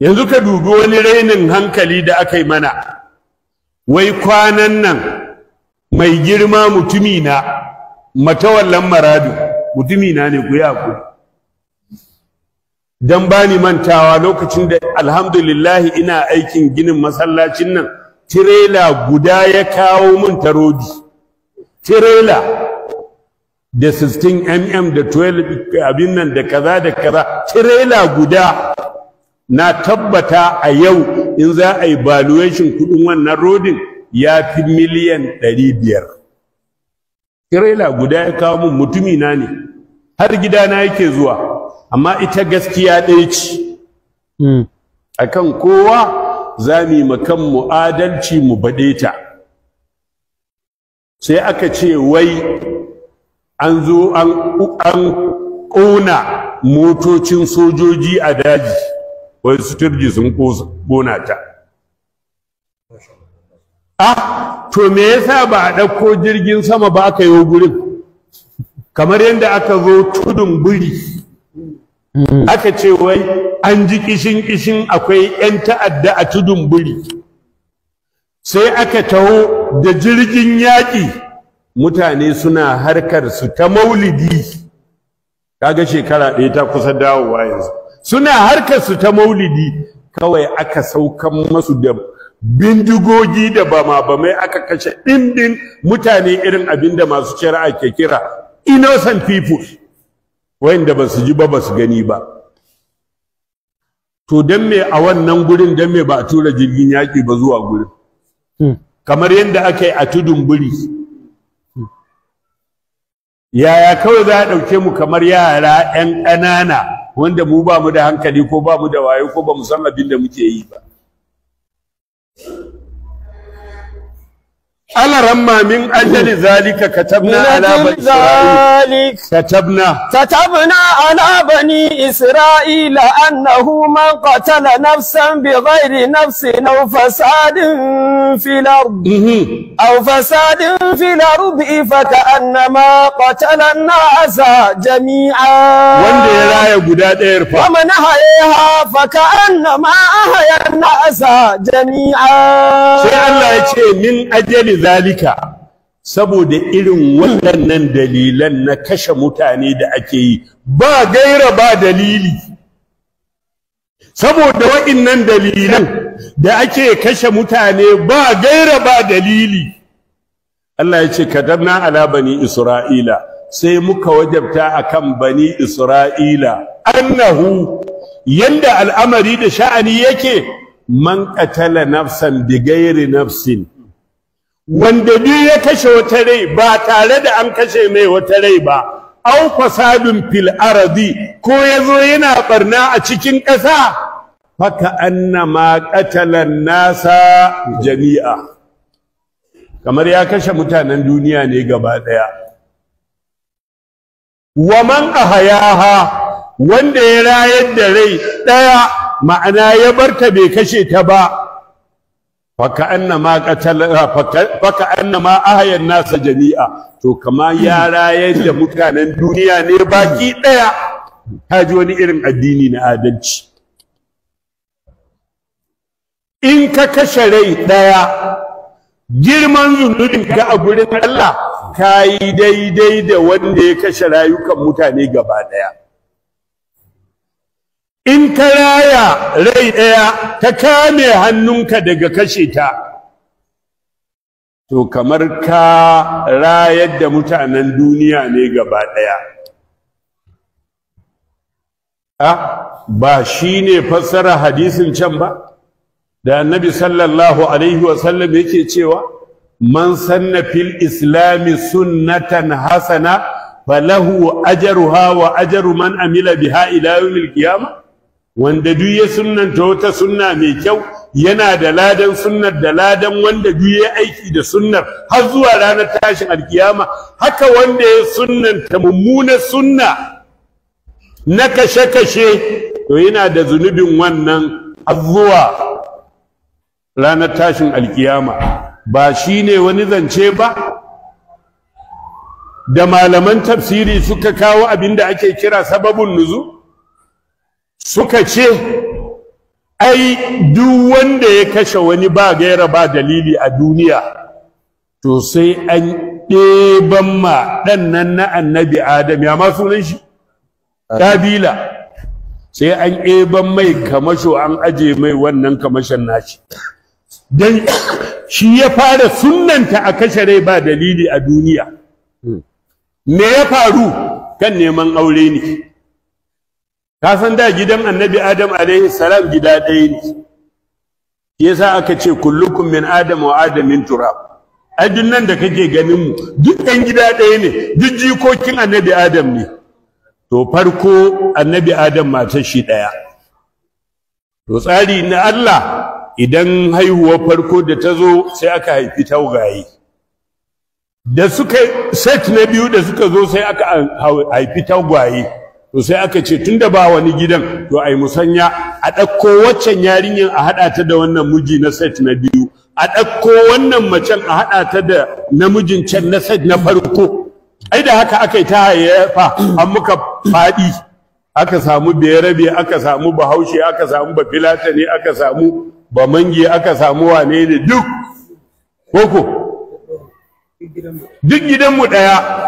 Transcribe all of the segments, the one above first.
yanzu ka dubi wani rainin hankali da aka yi mana wai kwanan nan mai girma mutumi na matawallan maradu mutumi ne ku yi haƙuri don mantawa lokacin da alhamdulillahi ina aikin ginin masallacin nan tirela guda ya kawo mun tarodi tirela da 16 mm da 12 abin nan da kaza da kaza tirela guda na tabbata a yau in za a yi valuation kudin wannan rodin ya fi miliyan 500 tirela guda ya kawo mun mutumi na ne har gida na yake zuwa amma ita gaskiya ɗaya ce hmm. akan kowa za mu yi makan mu adalci mu baɗe ta sai aka ce wai an zo an ƙona motocin sojoji a daji wai su turji sun kona ta ah to me yasa ba a ɗauko jirgin sama ba aka yi gurin kamar yadda aka zo tudun buri hmm. aka ce wai an ji kishin kishin akwai 'yan ta'adda a tudun buri sai aka taho da jirgin yaƙi mutane suna harkar su ta maulidi kaga shekara ɗaya ta kusa dawowa yanzu suna harkar su ta maulidi kawai aka saukan masu da bindigogi da bama bamai aka kashe dindin mutane irin abinda masu shari'a ke kira innocent people wayanda ba su ji ba ba su gani ba to dan me a wannan gurin dan me ba a tura jirgin yaki ba zuwa gurin hmm. kamar yadda aka yi a tudun buri yaya kawai za a ɗauke mu kamar yara 'yan ƙanana wanda mu ba mu da hankali ko ba mu da wayo ko ba mu san abin da muke yi ba alaran mamin ajali zalika katabna ala bani isra'il katabna katabna ala bani isra'il annahu man qatala nafsan bi ghairi nafsin fasadin fil ard mhm. fasadin fil ard fa kanama qatala an-nasa jami'a wanda ya raya guda dayar fa man hayya fa kanama ahya jami'a sai Allah ce min ajali zalika saboda irin waɗannan dalilan na kashe mutane da ake yi ba gaira ba dalili saboda waɗannan dalilan da ake kashe mutane ba gaira ba dalili Allah ya ce na ala bani isra'ila sai muka wajabta akan bani isra'ila annahu yanda al'amari da sha'ani yake man qatala nafsan bi gairi nafsin wanda biyu ya kashe wata rai ba tare da an kashe mai wata rai ba au fasadun fil ardi ko yazo yana barna a cikin ƙasa haka annama qatalan nasa jami'a kamar ya kashe mutanen duniya ne gaba daya waman ahayaha wanda ya rayar da rai daya ma'ana ya barta bai kashe ta ba faka'annama qatala faka'annama ahaya nasa jami'a to kama ya rayar mutanen duniya ne baki ta ji wani irin addini na adalci in ka kashe rai ɗaya, girman zunubin a gurin Allah kayi daidai da wanda ya kashe rayukan mutane gaba ɗaya in ka raya rai ɗaya ta kame hannunka daga kashe ta to kamar ka rayar da mutanen duniya ne gaba ɗaya a ba shi ne fassara hadisin can ba da annabi sallallahu alaihi wasallam yake cewa man sanna fil islami sunnatan hasana falahu ajaruha wa ajaru man amila biha ila yawmil qiyamah wanda duk ya sunnanta wata sunna mai kyau yana da ladan sunnar da ladan wanda duk ya aiki da sunnar har zuwa ranar tashin alkiyama haka wanda ya sunnanta mummunar sunna na kashe-kashe to yana da zunubin wannan har zuwa ranar tashin alkiyama ba shi ne wani zance ba da malaman tafsiri suka kawo abin da ake kira sababin nuzu suka ce ai duk wanda ya kashe wani ba gaira ba dalili a duniya to sai an ɗeban ma Ɗannan na annabi adam ya ma sunan shi kabila sai an ɗeban mai kamasho an aje mai wannan kamashin nashi don shi ya fara sunanta a kashe rai ba dalili a duniya hmm. me ya faru kan neman aure ne ka san da gidan annabi adam alaihi salam gida ɗaya ne yasa aka ce kullukum min adam wa adam min turab ajin nan da kake ganin mu duk ɗan gida ɗaya ne duk jikokin annabi adam ne to farko annabi adam matar shi ɗaya to tsari na Allah idan haihuwar farko da ta zo sai aka haifi taugaye da suka set na biyu da suka zo sai aka haifi taugaye. to sai aka ce tun da ba wani gidan to ai musanya a ɗauko waccan yarinyar a haɗa ta da wannan miji na set na biyu a ɗauko wannan macen a haɗa ta da namijin can na set na farko ai da haka aka yi ta hayayyafa an muka faɗi aka samu berabe aka samu bahaushe aka samu bafilata ne aka samu bamange, aka samu wane ne duk koko duk gidanmu ɗaya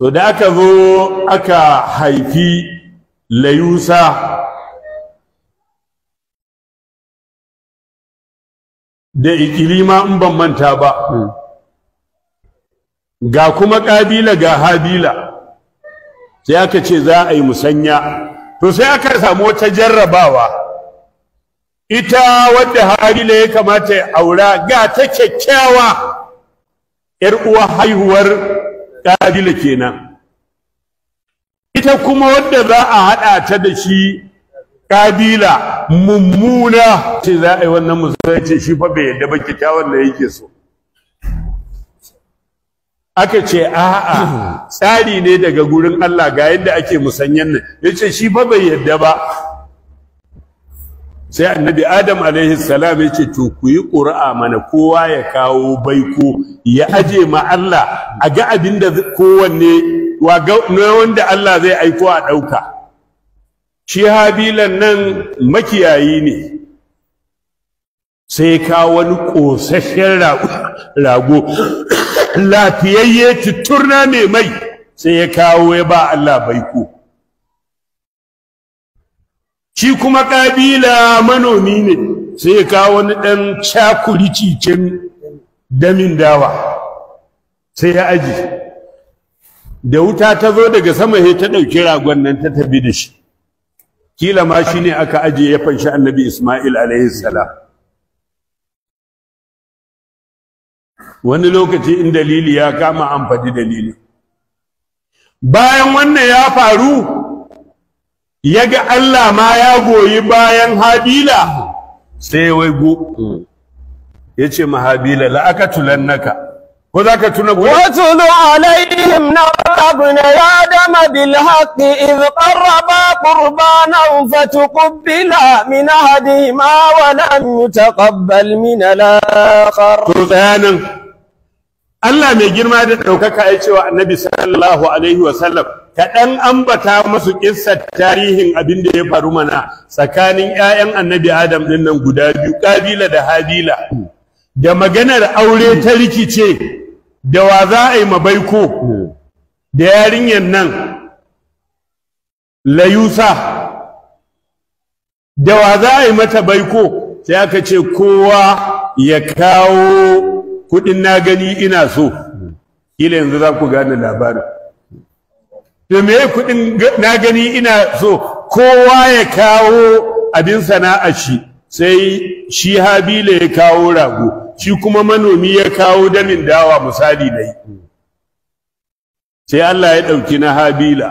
to da aka zo aka haifi layusa da ikilima in ban manta ba ga kuma ƙabila ga habila sai aka ce za a yi musanya to sai aka samu wata jarrabawa ita wadda habila ya kamata ya aura ga ta kyakkyawa 'yar uwa haihuwar ƙabila kenan ita kuma wadda za a haɗa ta da shi ƙabila mummuna ce za a yi wannan musulunci shi fa bai yadda ba kyakkyawar da yake so aka ce a'a tsari ne daga gurin Allah ga yadda ake musanyen nan yace shi fa bai yadda ba sai annabi adam alaihi salam ya ce to ku yi ƙura'a mana kowa ya kawo baiko ya aje ma Allah a ga abin da kowanne wanda Allah zai aiko a ɗauka shi habilan nan makiyayi ne sai kawo wani ƙosashen rago lafiyayye tuturna mai mai sai ya kawo ya ba Allah baiko shi kuma kabila manomi ne sai ya kawo wani ɗan cakuri cikin damin dawa sai ya aji da wuta ta zo daga sama sai ta dauki ragon nan ta tabi da shi kila ma ne aka aje ya fanshi annabi Isma'il alaihi salam wani lokaci in dalili ya kama an faɗi dalili bayan wannan ya faru ya ga Allah ma ya goyi bayan habila sai ya waigo mm. ya ce ma habila la'akatulan naka ko za ka tuna goyi watulu alaihim na abu abna ya dama bil haqqi iz qarraba qurbanan fatuqbila min ahadihima wa lam yutaqabbal min al-akhar qurbanan Allah mai girma da ɗaukaka ya ce wa annabi sallallahu alaihi wa sallam kaɗan ambata masu ƙissar tarihin abin da ya faru mana tsakanin 'ya'yan annabi adam ɗin nan guda biyu ƙabila da habila da maganar aure ta rikice da wa za a yi mabaiko da yarinyar nan layusa da wa za a yi mata baiko sai aka ce kowa ya kawo kuɗin na gani ina so ila yanzu za ku gane labarin da me kuɗin na gani ina so kowa ya kawo abin sana'a shi sai shi habila ya kawo rago shi kuma manomi ya kawo damin dawa misali na sai Allah ya ɗauki na habila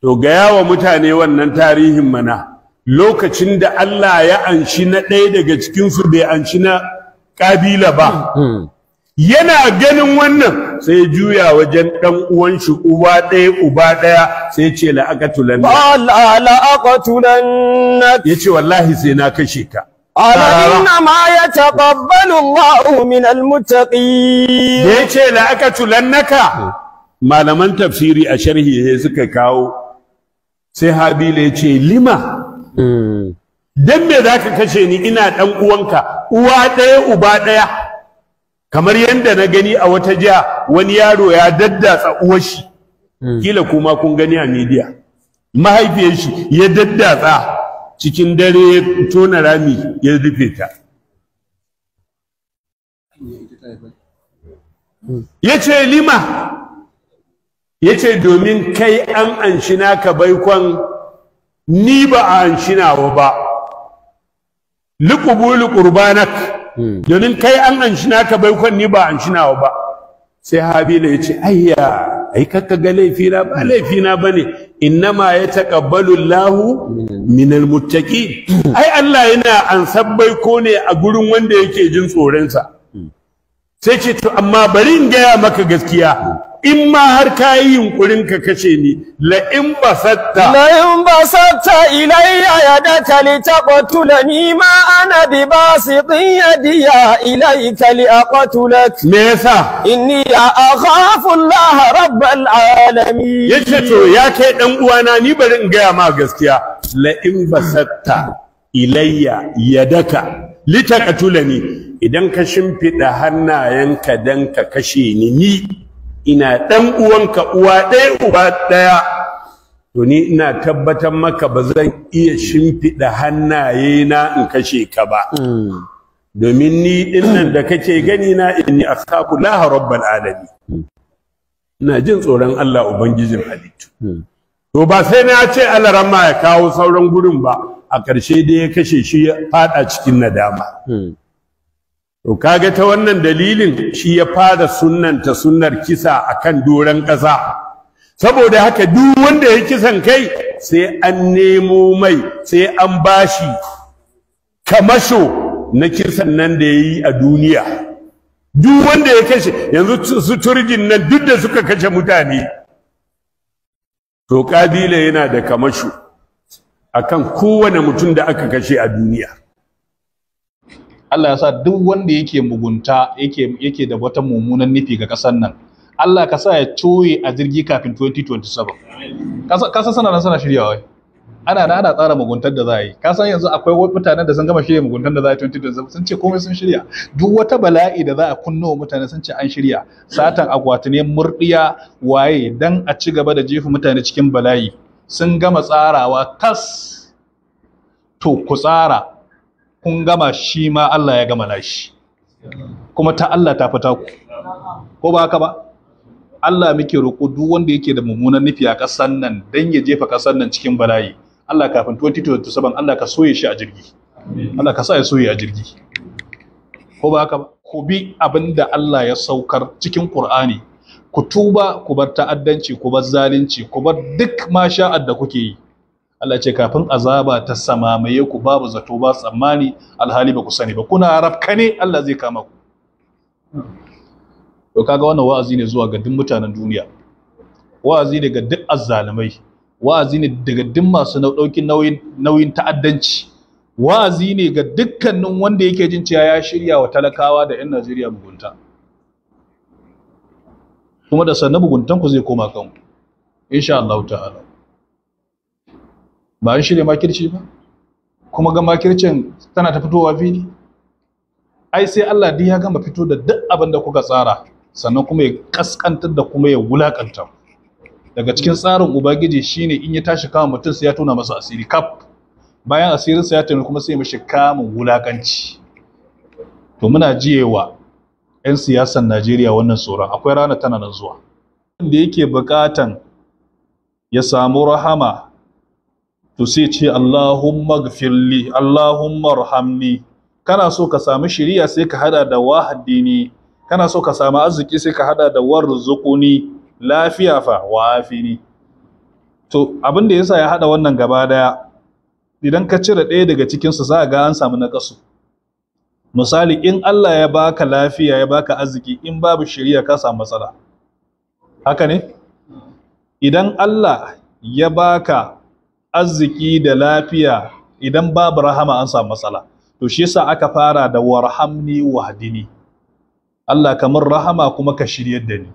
to gaya wa mutane wannan tarihin mana lokacin da Allah ya anshi na ɗaya daga cikinsu bai anshi na ƙabila ba hmm. yana ganin wannan sai juya wajen dan uwan shi uba ɗaya uba ɗaya sai ce la aqatulan la la aqatulan yace wallahi sai na kashe ka ala inna ma yataqabbalu Allahu min almuttaqin yace la aqatulannaka malaman tafsiri a sharhi sai suka kawo sai Habila yace lima hmm. dan me zaka kashe ni ina dan uwanka uwa ɗaya uba ɗaya kamar yadda na gani a wata jiya wani yaro ya daddatsa uwar shi hmm. kila kuma kun gani a media mahaifiyar shi ya daddatsa cikin dare ya tona rami ya rufe ta ya ce lima ya ce domin kai an anshi naka baikon ni ba a anshi nawa ba lukubu lukurbanak domin kai an anshi naka baikon ni ba anshi nawa ba sai habila ya ce ayya ai kakka ga laifi na ba laifi na bane innama ya taqabbalu lahu minal mutaki? Hmm. ai Allah yana ansan baiko ne a gurin wanda yake jin tsoronsa. sai ce to amma bari in gaya maka gaskiya in ma har ka yi yunkurin ka kashe ni la in basatta la in basatta ilayya yadaka li ni ma ana bi basitin yadiya ilayka li aqtulak me yasa inni akhafu Allah rabbal alamin yace to ya kai dan uwana ni bari in gaya ma gaskiya la in basatta ilayya yadaka li idan ka shimfida hannayenka dan ka kashe ni ni ina ɗan uwanka uwa ɗaya uba ɗaya to ni ina tabbatar maka ba zan iya shimfiɗa hannaye na in kashe ka ba hmm. domin ni nan da kake gani na inni akhafu la rabbal alami hmm. ina jin tsoron Allah ubangijin halittu hmm. to ba sai na ce Allah ramma ya kawo sauran gurin ba a ƙarshe dai ya kashe shi ya faɗa cikin nadama to kaga ta wannan dalilin shi ya fara sunnanta sunnar kisa akan doren ƙasa saboda haka duk wanda ya kisan kai sai an nemo mai sai an bashi kamasho na kisan nan da yayi a duniya duk wanda ya kashe yanzu su turjin nan duk da suka kashe mutane to kabila yana da kamasho akan kowane mutum da aka kashe a duniya Allah ya sa duk wanda yake mugunta yake yake da wata mummunan nufi ga ƙasar nan Allah ka sa ya coye a jirgi kafin 2027 kasa sana nan sana shirya wai ana na ana tsara muguntar da za a yi ka san yanzu akwai mutanen da sun gama shirya muguntar da za a yi 2027 sun ce komai sun shirya duk wata bala'i da za a kunno mutane sun ce an shirya satan akwati ne murdiya waye dan a ci gaba da jefa mutane cikin bala'i sun gama tsarawa tas to ku tsara kun gama shi ma Allah ya gama nashi kuma ta Allah ta fita ku ko ba haka ba Allah muke roƙo duk wanda yake da mummunan nufi a ƙasar nan dan ya jefa ƙasar nan cikin bala'i Allah kafin 2027 Allah ka soye shi a jirgi Allah ka sa ya soye a jirgi ko ba haka ba ku bi abin da Allah ya saukar cikin Qur'ani ku tuba ku bar ta'addanci ku bar zalunci ku bar duk masha'ar da kuke yi Allah ce kafin azaba ta samamaye ku babu zato ba tsammani alhali ba ku sani ba kuna rafka ne Allah zai kama ku to kaga wannan wa'azi ne zuwa ga dukkan mutanen duniya wa'azi ne ga duk azzalumai wa'azi ne daga dukkan masu daukin nauyin nauyin ta'addanci wa'azi ne ga dukkanin wanda yake jin cewa ya shirya wa talakawa da 'yan Najeriya mugunta kuma da sannan muguntanku zai koma kanku insha Allah ta'ala ba an shirya makirci ba kuma ga makircin tana ta fitowa fili ai sai Allah dai ya gama fito da duk abin da kuka tsara sannan kuma ya kaskantar da kuma ya wulakanta daga cikin tsarin ubangiji shine in ya tashi kama mutum sai ya tona masa asiri kaf bayan asirin sa ya tona kuma sai ya mishi kamun wulakanci to muna jiyewa 'yan siyasan Najeriya wannan tsoron akwai rana tana nan zuwa wanda yake bukatan ya samu rahama to sai ce Allahumma gfirli Allahumma rahamni kana so ka samu shiriya sai ka hada da wahdini kana so ka samu arziki sai ka hada da warzuquni lafiya fa wafini to abin da yasa ya hada wannan gaba daya idan ka cire ɗaya daga cikin su za ga an samu nakasu misali in Allah ya baka lafiya ya baka arziki in babu shiriya ka samu matsala haka ne idan Allah ya baka arziki da lafiya idan babu rahama an samu matsala to shi yasa aka fara da warhamni wahdini Allah kamar rahama kuma ka shiryar da ni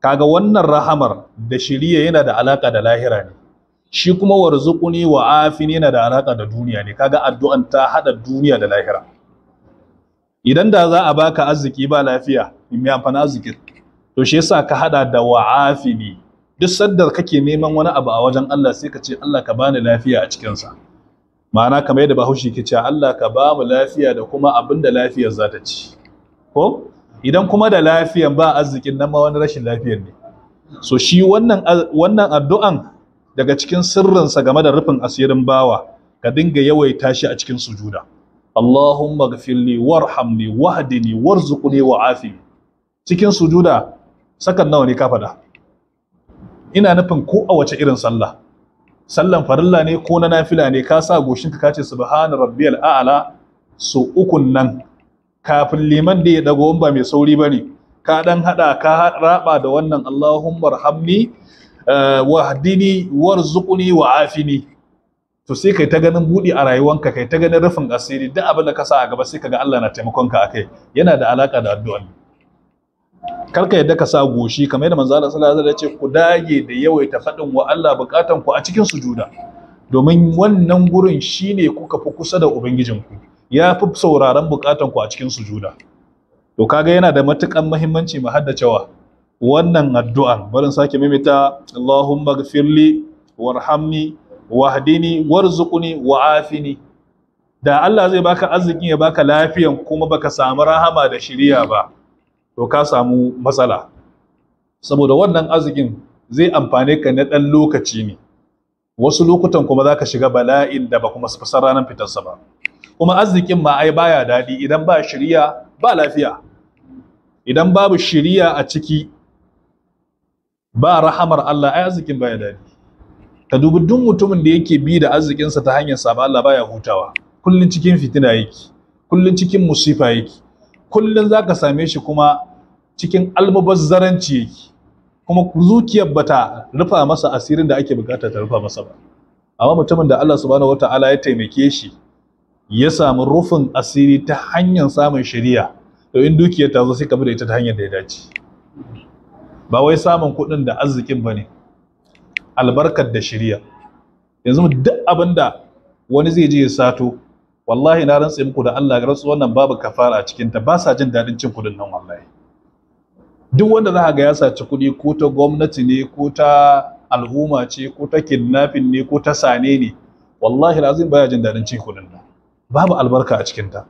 kaga wannan rahamar da shirye yana da alaka da lahira ne shi kuma warzuquni wa afini yana da alaka da duniya ne kaga addu'an ta hada duniya da lahira idan da za a baka arziki ba lafiya in me amfani arziki to shi yasa ka hada da wa'afini duk sadda kake neman wani abu a wajen Allah sai ka ce Allah ka bani lafiya a cikinsa ma'ana kamar yadda bahaushe ke cewa Allah ka ba mu lafiya da kuma abin da lafiyar za ta ci ko idan kuma da lafiyar ba arzikin nan ma wani rashin lafiyar ne so shi wannan wannan addu'an daga cikin sirrinsa game da rufin asirin bawa ka dinga yawaita shi a cikin sujuda Allahumma gafirli warhamni wahdini warzuqni wa'afini cikin sujuda sakan nawa ne ka fada ina nufin ko a wace irin sallah sallan farilla ne ko na nafila ne ka sa goshinka ka ce subhana rabbiyal a'la so ukun nan kafin liman da ya dago ba mai sauri bane ka dan hada ka raba da wannan Allahumma rahamni eh, wahdini warzuqni wa'afini to sai kai ta ganin budi a rayuwanka kai ta ganin rufin asiri duk abin da ka sa a gaba sai kaga Allah na taimakon taimakonka akai yana da alaka da addu'a karka yadda ka sa goshi kamar yadda manzo Allah sallallahu alaihi wasallam ya ce ku dage da yawaita faɗin wa Allah bukatan ku a cikin sujuda domin wannan gurin shine kuka fi kusa da ubangijinku ya fi sauraron bukatan ku a cikin sujuda to kaga yana da matukan muhimmanci mu haddacewa wannan addu'an barin sake mimita Allahumma gfirli warhamni wahdini warzuqni wa'afini da Allah zai baka arzikin ya baka lafiyan kuma baka samu rahama da shiriya ba to ka samu matsala saboda wannan arzikin zai amfane ka na ɗan lokaci ne wasu lokutan kuma za ka shiga bala'in da ba kuma fasa ranar fitarsa ba kuma arzikin ma ai baya daɗi idan ba shirya ba lafiya idan babu shirya a ciki ba rahamar Allah ai arzikin baya daɗi ka dubi duk mutumin da yake bi da arzikinsa ta hanyar saba Allah baya hutawa kullun cikin fitina yake kullun cikin musifa yake kullun zaka same shi kuma cikin almubazzaranci yake kuma zuciyar bata rufa masa asirin da ake bukata ta rufa masa ba amma mutumin da Allah subhanahu wataala ya taimake shi ya samu rufin asiri ta hanyar samun shari'a to in dukiyar ta zo sai ka da ita ta hanyar da ya dace ba wai samun kuɗin da arzikin ba ne albarkar da shari'a yanzu duk abin da wani zai je ya sato wallahi na rantse muku da Allah ga rantsu wannan babu kafara a cikin ta ba sa jin daɗin cin kuɗin nan wallahi duk wanda za ga ya saci kuɗi ko ta gwamnati ne ko ta al'umma ce ko ta kidnapping ne ko ta sane ne wallahi lazim baya jin daɗin cin kuɗin nan babu albarka a cikinta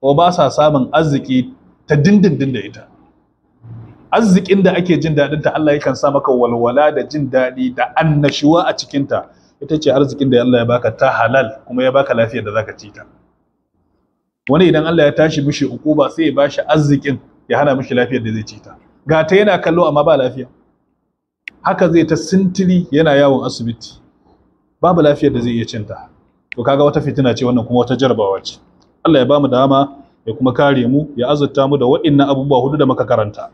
ko ba sa samun arziki ta dindindin da ita arzikin da ake jin daɗin ta Allah yakan sa maka walwala da jin daɗi da annashuwa a cikinta ita ce arzikin da Allah ya baka ta halal kuma ya baka lafiyar da zaka ci ta wani idan Allah ya tashi mishi ukuba sai ya bashi arzikin ya hana mishi lafiyar da zai ci ta ga ta yana kallo amma ba lafiya haka zai ta sintiri yana yawon asibiti babu lafiyar da zai iya cinta to kaga wata fitina ce wannan kuma wata jarabawa ce Allah ya bamu dama ya kuma kare mu ya azurta mu da waɗannan abubuwa hudu da muka karanta